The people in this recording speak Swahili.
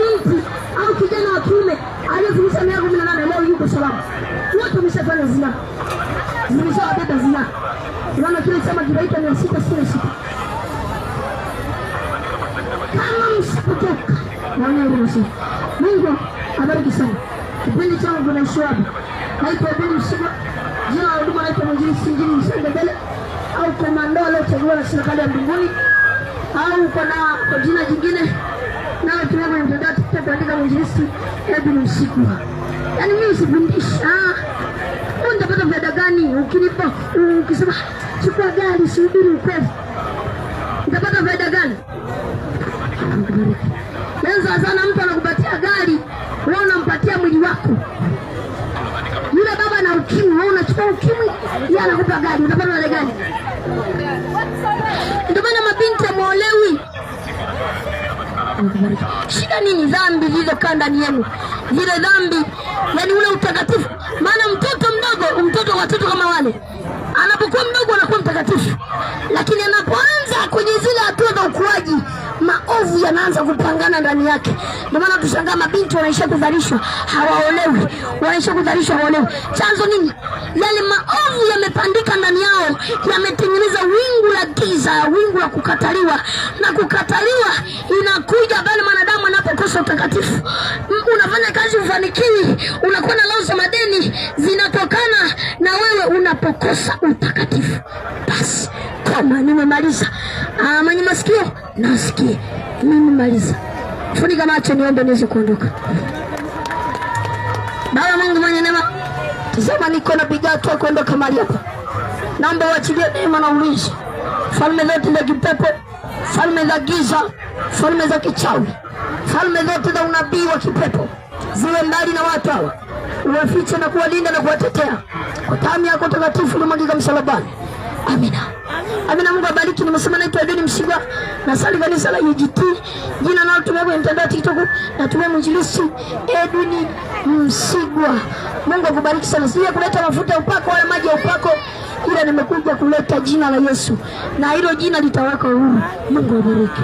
binti au kijana wa kiume aliyefikisha miaka kumi na nane leo yuko salama. Wote wameshafanya zina, zimeshawabeba zina. Unaona kile chama kinaita mia sita sitini na sita kama msipotoka wanaurusi. Mungu abariki sana kipindi changu Kuna wapi? Naitwa Bili Msiba, jina la huduma naitwa Mwinjili Sinjili Msendebele au komando aliyochaguliwa na serikali ya mbinguni au kwa na kwa jina jingine wejesi labda usiku. Yaani mimi sikundisha. Ah, wewe unapata faida gani ukinipa ukisema chukua gari subiri ukofu. Utapata faida gani? Lenza sana mtu anakupatia gari, wewe unampatia mwili wako. Yule baba na ukimwi, wewe unachukua ukimwi, yeye anakupa gari, utapata faida gani? mbinguni. Shida nini? Dhambi zilizokaa ndani yenu, zile dhambi, yani ule utakatifu. Maana mtoto mdogo, mtoto watoto kama wale, anapokuwa mdogo anakuwa mtakatifu, lakini anapoanza kwenye zile hatua za ukuaji maovu yanaanza kupangana ndani yake. Ndio maana tushangaa mabinti wanaisha kudhalishwa, hawaolewi, wanaisha kudhalishwa, hawaolewi. Chanzo nini? yale kukataliwa, na kukataliwa inakuja bali mwanadamu anapokosa utakatifu. Unafanya kazi ufanikiwi, unakuwa na lao za madeni, zinatokana na wewe unapokosa utakatifu. Basi koma, nimemaliza. Ah, mwenye masikio nasikie, nimemaliza. Funika macho, niombe niweze kuondoka. Baba Mungu mwenye neema, tazama, niko napiga hatua kuondoka mahali hapa, naomba uachilie neema na ulinzi falme zote za kipepo, falme za giza, falme za kichawi, falme zote za unabii wa kipepo ziwe mbali na watu hawa, uwafiche na kuwalinda na kuwatetea kwa damu yako takatifu ulimwagika msalabani. Amina, amina. Mungu abariki. Nimesema naitwa Edwin Msigwa, nasali kanisa la UGT. E Jina nalo tumia kwenye mtandao wa TikTok, natumia mwinjilisi Edwin Msigwa. Mungu akubariki sana. Sija kuleta mafuta ya upako wala maji ya upako ila nimekuja kuleta jina la Yesu na hilo jina litawaka huru. Mungu abariki.